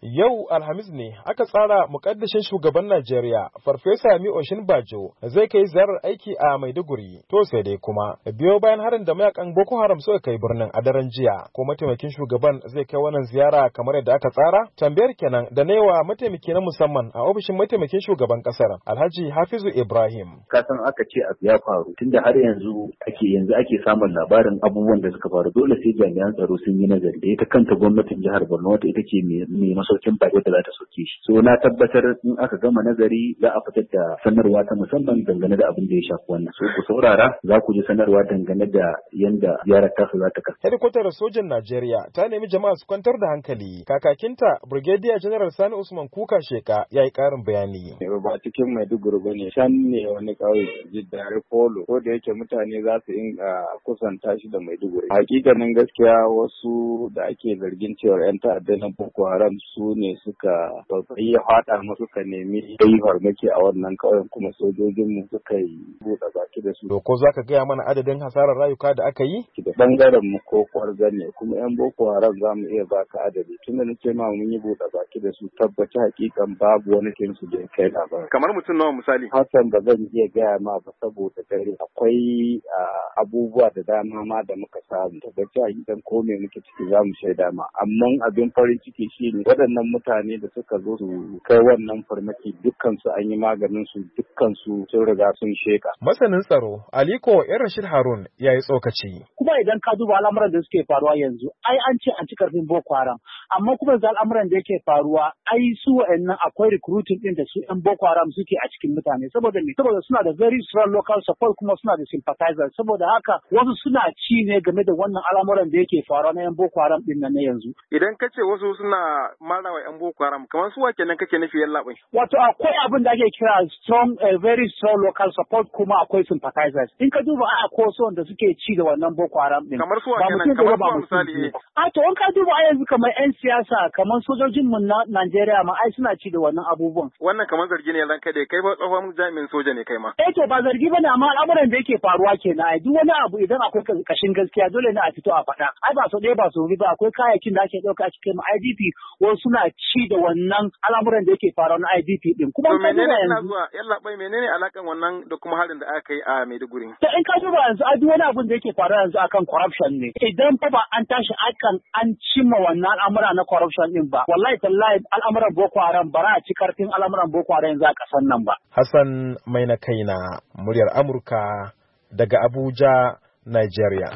Yau Alhamis ne aka tsara mukaddashin shugaban Najeriya Farfesa Mi Oshin Bajo zai kai ziyarar aiki a Maiduguri to sai dai kuma biyo bayan harin da mayakan Boko Haram suka kai birnin a daren jiya ko mataimakin shugaban zai kai wannan ziyara kamar yadda aka tsara tambayar kenan da naiwa mataimaki na musamman a ofishin mataimakin shugaban kasar Alhaji Hafizu Ibrahim ka san aka ce a ya faru tunda har yanzu ake yanzu ake samun labarin abubuwan da suka faru dole sai jami'an tsaro sun yi nazari da ita kanta gwamnatin jihar Borno wata ita ce mai masaukin baƙi da za ta sauke shi so na tabbatar in aka gama nazari za a fitar da sanarwa ta musamman dangane da abin da ya shafi wannan so ku saurara za ku ji sanarwa dangane da yanda ziyarar tasu za ta kasance sojan Najeriya ta nemi jama'a su kwantar da hankali kakakinta brigadier general Sani Usman Kuka Sheka ya yi ƙarin bayani eh, ba cikin Maiduguri ba ne can ne wani ƙauye jiddare polo ko da yake mutane za su inga kusanta shi da Maiduguri hakikanin gaskiya wasu da ake zargin cewa 'yan ta'adda na Boko Haram su su ne suka babbai ya fada musu suka nemi yi farmaki a wannan kauyen kuma sojojinmu suka yi buɗe baki da su. To ko zaka gaya mana adadin hasarar rayuka da aka yi? Da bangaren mu ko kwarza ne kuma yan Boko Haram za mu iya baka adadi tun da nace ma mun yi buɗe baki da su tabbaci hakikan babu wani kin su da kai Kamar mutum nawa misali? Hassan ba zan iya gaya ma ba saboda dare akwai abubuwa da dama ma da muka samu tabbaci hakikan ko me muke ciki za mu shaida ma amma abin farin ciki shi ne. waɗannan mutane da suka zo su kai wannan farmaki dukkan su an yi maganin su dukkan su sun riga sun sheka. Masanin tsaro Aliko Irashid Harun ya yi tsokaci. Kuma idan ka duba al'amuran da suke faruwa yanzu ai an ce an ci karfin Boko Haram amma kuma yanzu al'amuran da yake faruwa ai su wa'annan akwai recruiting din da su ɗan Boko Haram suke a cikin mutane saboda me saboda suna da very strong local support kuma suna da sympathizer saboda haka wasu suna ci ne game da wannan al'amuran da yake faruwa na 'yan Boko Haram din nan na yanzu. Idan ka ce wasu suna ma ƙara wa 'yan Boko Haram kamar su wake nan kake nufi yallaɓai. Wato akwai abin da ake kira strong a eh, very strong local support kuma akwai sympathizers. In ka duba a ko wanda da suke ci da wannan Boko Haram din. Kamar su wake nan kamar su misali. Eh. A to in ka duba a yanzu kamar 'yan siyasa kamar sojojin mu na Najeriya ma ai suna ci da wannan abubuwan. Wannan kamar zargi ne ranka da kai ba tsohon jami'in soja ne kai ma. Eh to ba zargi bane amma al'amuran da yake faruwa kenan ai duk wani abu idan akwai kashin gaskiya dole ne a fito a faɗa. Ai ba so ɗaya ba so ba akwai kayayyakin da ake ɗauka a cikin ma IDP wasu suna ci da wannan al'amuran da yake faruwa na IDP din. Kuma ne duba yanzu. Yalla bai menene alakan wannan da kuma harin da aka yi a Maiduguri? Ta in ka duba yanzu a duk wani abin da yake faruwa yanzu akan corruption ne. Idan fa ba an tashi akan an cimma wannan al'amura na corruption din ba. Wallahi tallahi al'amuran Boko Haram ba a ci karfin al'amuran Boko Haram yanzu a kasan nan ba. Hassan mai na kaina muryar Amurka daga Abuja, Nigeria.